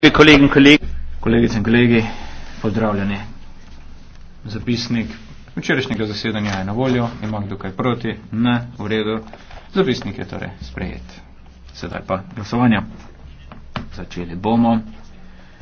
Kolegi, kolegi, kolegi. Kolegice in kolegi, pozdravljeni. Zapisnik včerajšnjega zasedanja je na voljo, imam tukaj proti, ne, v redu. Zapisnik je torej sprejet. Sedaj pa glasovanja. Začeli bomo.